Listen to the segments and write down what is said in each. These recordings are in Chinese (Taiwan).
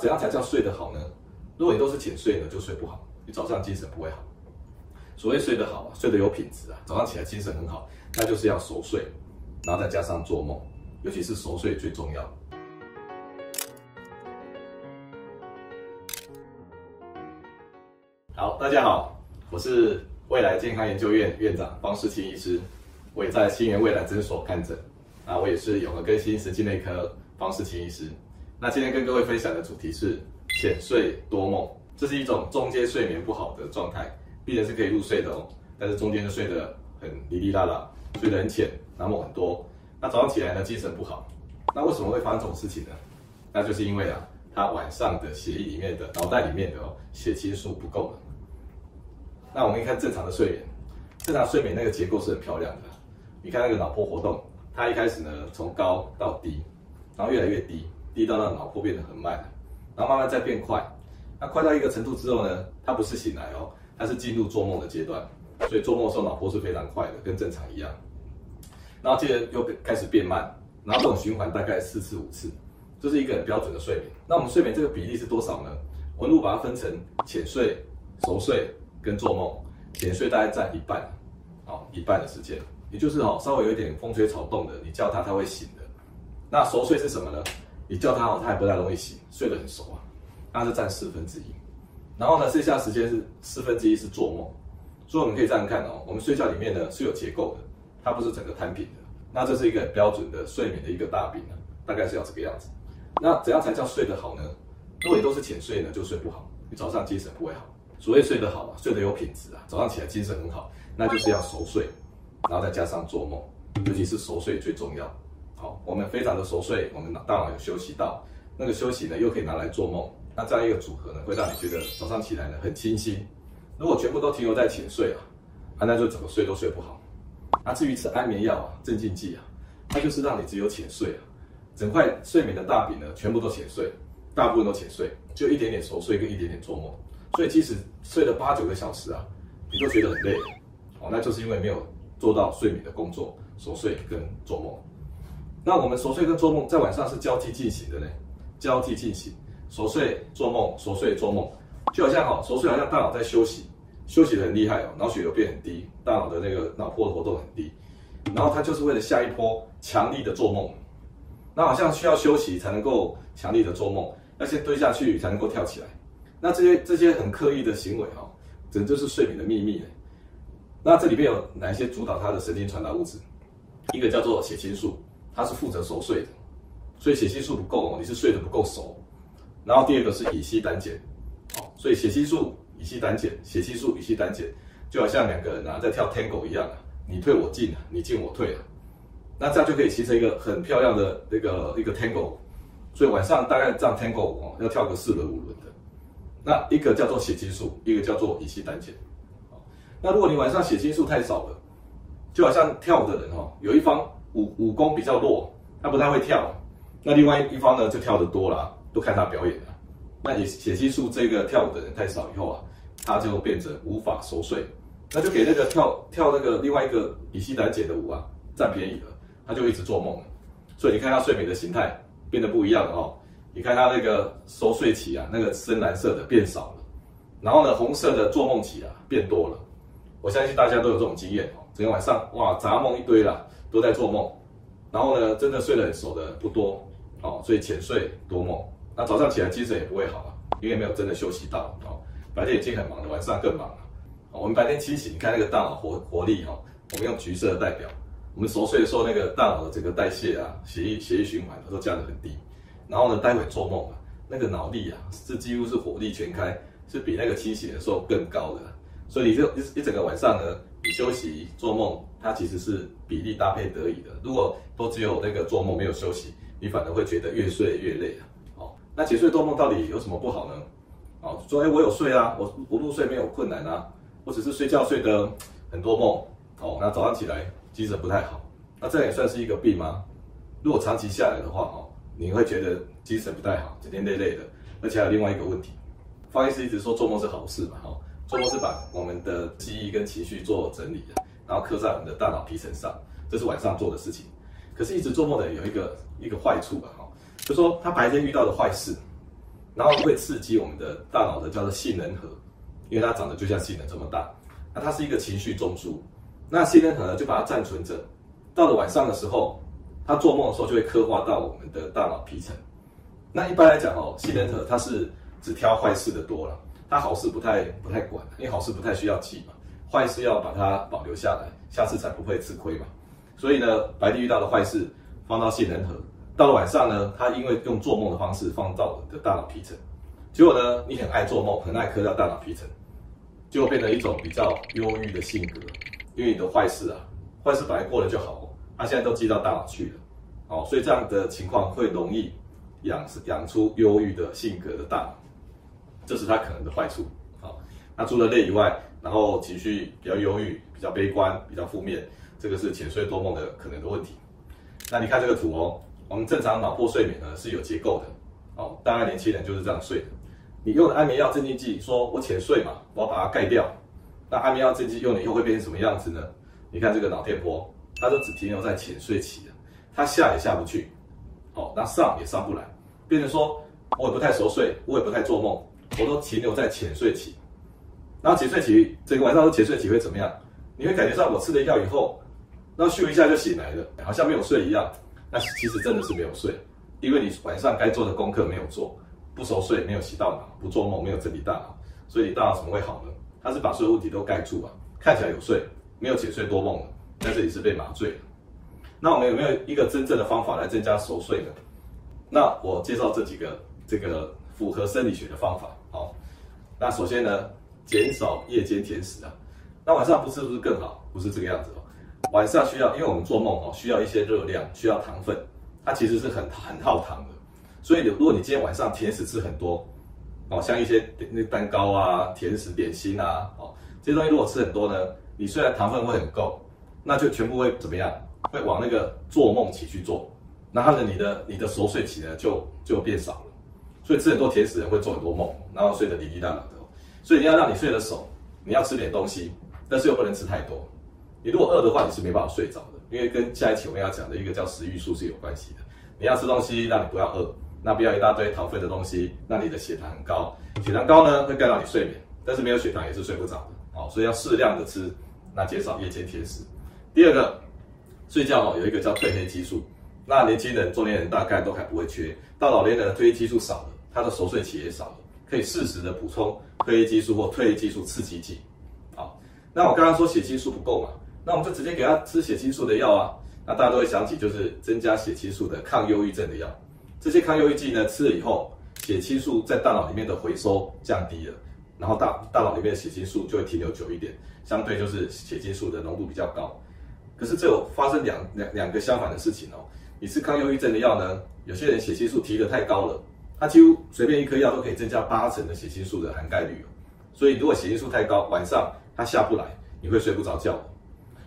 怎樣才叫睡得好呢？如果你都是淺睡呢，就睡不好，你早上精神不會好。所謂睡得好，睡得有品質啊，早上起來精神很好，那就是要熟睡，然後再加上做夢，尤其是熟睡最重要。嗯、好，大家好，我是未來健康研究院院長方識欽醫師，我也在新源未來診所看診，啊，我也是永和更新神經內科方識欽醫師。那今天跟各位分享的主題是淺睡多夢，這是一種中間睡眠不好的狀態。病人是可以入睡的哦，但是中間就睡得很稀稀拉拉，睡得很淺，然後夢很多。那早上起來呢，精神不好。那為什麼會發生這種事情呢？那就是因為啊，他晚上的血液裡面的腦袋裡面的、哦、血清素不夠了。那我們一看正常的睡眠，正常睡眠那個結構是很漂亮的。你看那個腦波活動，它一開始呢，從高到低，然後越來越低，低到讓腦波變得很慢，然後慢慢再變快，那快到一個程度之後呢，它不是醒來哦，它是進入做夢的階段，所以做夢的時候腦波是非常快的，跟正常一樣。然後接着又開始變慢，然後這種循環大概四次五次，這、就是一個很標準的睡眠。那我們睡眠這個比例是多少呢？溫度把它分成淺睡、熟睡跟做夢，淺睡大概占一半，哦，一半的時間，也就是哦稍微有一點風吹草動的，你叫他他會醒的。那熟睡是什麼呢？你叫他哦，他也不太容易醒，睡得很熟啊。那是占四分之一，然後呢，剩下時間是四分之一是做夢。所以我們可以這樣看哦，我們睡覺裡面呢是有結構的，它不是整個攤平的。那這是一個很標準的睡眠的一個大餅啊，大概是要這個樣子。那怎樣才叫睡得好呢？如果你都是淺睡呢，就睡不好，你早上精神不會好。所謂睡得好啊，睡得有品質啊，早上起來精神很好，那就是要熟睡，然後再加上做夢，尤其是熟睡最重要。好，我們非常的熟睡，我們大腦有休息到，那個休息呢又可以拿來做夢，那這樣一個組合呢會讓你覺得早上起來呢很清新。如果全部都停留在淺睡啊，啊那就怎麼睡都睡不好。那至於吃安眠藥啊、鎮靜劑啊，它就是讓你只有淺睡啊，整塊睡眠的大餅呢全部都淺睡，大部分都淺睡，就一點點熟睡跟一點點做夢。所以即使睡了八九個小時啊，你都覺得很累，哦，那就是因為沒有做到睡眠的工作，熟睡跟做夢。那我們熟睡跟做夢在晚上是交替進行的呢，交替進行，熟睡做夢，熟睡做夢，就好像好、哦、熟睡好像大腦在休息，休息得很厲害哦，腦血流變很低，大腦的那個腦波的活動很低，然後它就是為了下一波強力的做夢，那好像需要休息才能夠強力的做夢，要先蹲下去才能夠跳起來，那這些這些很刻意的行為哈、哦，可能就是睡眠的秘密。那這裡邊有哪一些主導它的神經傳導物質？一個叫做血清素。它是負責熟睡的，所以血清素不夠哦，你是睡得不夠熟。然後第二個是乙醯膽鹼，好，所以血清素、乙醯膽鹼、血清素、乙醯膽鹼，就好像兩個人啊在跳 tango 一樣，你退我進啊，你進我退啊，那這樣就可以形成一個很漂亮的那個一個 tango。所以晚上大概這樣 tango 哦，要跳個四輪五輪的。那一個叫做血清素，一個叫做乙醯膽鹼。那如果你晚上血清素太少了，就好像跳的人哦，有一方。武武功比較弱，他不太會跳。那另外一方呢，就跳得多了，都看他表演了。那血清素這個跳舞的人太少以後啊，他就變成無法熟睡，那就給那個跳跳那個另外一個乙醯膽鹼的舞啊占便宜了。他就一直做夢，所以你看他睡眠的形態變得不一樣了哦、喔。你看他那個熟睡期啊，那個深藍色的變少了，然後呢，紅色的做夢期啊變多了。我相信大家都有這種經驗哦、喔，昨天晚上哇，雜夢一堆了。都在做夢，然後呢，真的睡得很熟的不多，哦，所以淺睡多夢，那早上起來精神也不會好啊，因為沒有真的休息到哦。白天已經很忙了，晚上更忙了。哦、我們白天清醒，你看那個大腦活活力，哦、我們用橘色的代表。我們熟睡的時候，那個大腦的整個代謝啊、血液、血液循環都降得很低。然後呢，待會做夢啊，那個腦力啊，是幾乎是火力全開，是比那個清醒的時候更高的。所以你就一一,一整個晚上呢。你休息做夢，它其實是比例搭配得宜的。如果都只有那個做夢沒有休息，你反而會覺得越睡越累，啊、哦，那淺睡多夢到底有什麼不好呢？哦，說哎、欸，我有睡啊，我不入睡沒有困難啊，我只是睡覺睡得很多夢哦，那早上起來精神不太好，那這也算是一個病嗎？如果長期下來的話哦，你會覺得精神不太好，整天累累的，而且還有另外一個問題，方醫師一直說做夢是好事嘛，哈、哦。做夢是把我們的記憶跟情緒做整理的，然後刻在我們的大腦皮層上，這是晚上做的事情。可是，一直做夢的有一個一個壞處吧、喔，哈，就是、說他白天遇到的壞事，然後會刺激我們的大腦的叫做杏仁核，因為它長得就像杏仁這麼大，它是一個情緒中樞。那杏仁核呢，就把它暫存着，到了晚上的時候，他做夢的時候就會刻畫到我們的大腦皮層。那一般來講哦、喔，杏仁核它是只挑壞事的多了。他好事不太不太管，因為好事不太需要記嘛，壞事要把它保留下來，下次才不會吃虧嘛。所以呢，白天遇到的壞事放到杏仁核。到了晚上呢，他因為用做夢的方式放到你的大腦皮層，結果呢，你很愛做夢，很愛刻到大腦皮層，就變成一種比較憂鬱的性格，因為你的壞事啊，壞事本來過了就好，他、啊、現在都記到大腦去了，哦，所以這樣的情況會容易養養出憂鬱的性格的大腦。這是它可能的壞處，好、哦，那除了累以外，然後情緒比較憂鬱、比較悲觀、比較負面，這個是淺睡多夢的可能的問題。那你看這個圖哦，我們正常腦波睡眠呢是有結構的，哦，當然年輕人就是這樣睡的。你用了安眠藥鎮靜劑，說我淺睡嘛，我要把它蓋掉。那安眠藥鎮靜劑用了以後會變成什麼樣子呢？你看這個腦電波，它就只停留在淺睡期的，它下也下不去，哦，那上也上不來，變成說我也不太熟睡，我也不太做夢。我都停留在淺睡期，然後淺睡期這個晚上都淺睡期會怎麼樣？你會感覺到我吃了藥以後，那咻一下就醒來了，好像沒有睡一樣。那其實真的是沒有睡，因為你晚上該做的功課沒有做，不熟睡沒有洗大腦，不做夢沒有整理大腦，所以大腦怎麼會好呢？它是把所有問題都蓋住啊，看起來有睡，沒有淺睡多夢了，但是你是被麻醉了。那我們有沒有一個真正的方法來增加熟睡呢？那我介紹這幾個這個符合生理學的方法。那首先呢，減少夜間甜食啊，那晚上不吃是不是更好？不是這個樣子哦。晚上需要，因為我們做夢哦，需要一些熱量，需要糖分，它其實是很很耗糖的。所以如果你今天晚上甜食吃很多，哦，像一些那蛋糕啊、甜食點心啊，哦，這些東西如果吃很多呢，你雖然糖分會很夠，那就全部會怎麼樣？會往那個做夢期去做，然後呢你的，你的你的熟睡期呢就就變少了。所以吃很多甜食的人會做很多夢，然後睡得滴滴答答的。所以你要讓你睡得熟，你要吃點東西，但是又不能吃太多。你如果餓的話，你是沒辦法睡着的，因為跟下一期我們要講的一個叫食欲素是有關係的。你要吃東西，讓你不要餓，那不要一大堆糖分的東西，那你的血糖很高，血糖高呢會干擾你睡眠，但是沒有血糖也是睡不着的哦。所以要適量的吃，那減少夜間甜食。第二個，睡覺哦，有一個叫褪黑激素，那年輕人、中年人大概都還不會缺，到老年人的褪黑激素少了。他的熟睡期也少了，可以適時的補充褪黑激素或褪黑激素刺激劑。好，那我剛剛說血清素不夠嘛？那我們就直接給他吃血清素的藥啊。那大家都會想起就是增加血清素的抗憂鬱症的藥。這些抗憂鬱劑呢，吃了以後，血清素在大腦裡面的回收降低了，然後大大腦裡面的血清素就會停留久一點，相對就是血清素的濃度比較高。可是這有發生兩兩兩個相反的事情哦。你吃抗憂鬱症的藥呢，有些人血清素提的太高了。它幾乎隨便一顆藥都可以增加八成的血清素的涵蓋率，所以如果血清素太高，晚上它下不來，你會睡不着覺。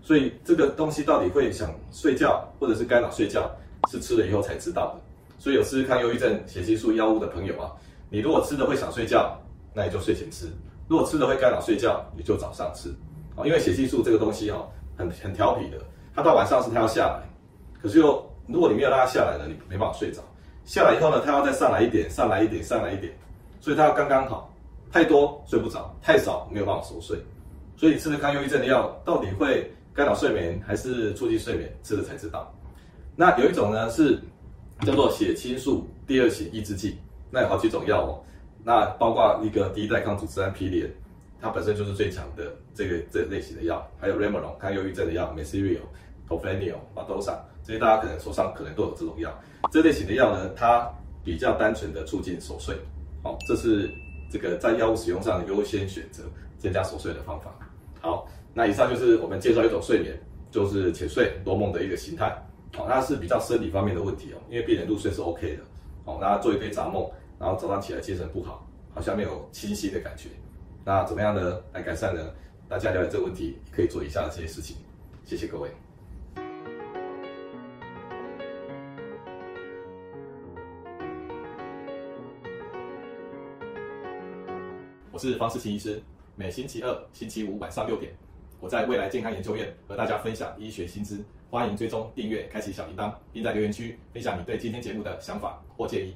所以這個東西到底會想睡覺，或者是干擾睡覺，是吃了以後才知道的。所以有試試看憂鬱症血清素藥物的朋友啊，你如果吃了會想睡覺，那你就睡前吃；如果吃了會干擾睡覺，你就早上吃。啊，因為血清素這個東西哦，很很調皮的，它到晚上是它要下來，可是又如果你沒有讓它下來呢，你沒辦法睡着。下來以後呢，他要再上來一點，上來一點，上來一點，所以他要剛剛好，太多睡不着，太少沒有辦法熟睡，所以吃了抗憂鬱症的藥，到底會干擾睡眠還是促進睡眠，吃了才知道。那有一種呢是叫做血清素第二型抑制劑，那有好幾種藥哦，那包括一個第一代抗組織胺皮炎，它本身就是最強的這個這類型的藥，還有 Remeron 抗憂鬱症的藥，Mecirio，Tolfenio，Badosa。所以大家可能手上可能都有這種藥。這類型的藥呢，它比較單純的促進熟睡。好、哦，這是這個在藥物使用上優先選擇增加熟睡的方法。好，那以上就是我們介紹一種睡眠，就是淺睡多夢的一個形態。好、哦，那是比較生理方面的問題哦，因為病人入睡是 OK 的。好、哦，那做一堆雜夢，然後早上起來精神不好，好像沒有清晰的感覺。那怎麼樣呢來改善呢？大家了解這個問題，可以做以下這些事情。謝謝各位。我是方識欽醫師，每星期二、星期五晚上六點，我在未來健康研究院和大家分享醫學新知。歡迎追蹤訂閱，開啟小鈴鐺，並在留言區分享你對今天節目的想法或建議。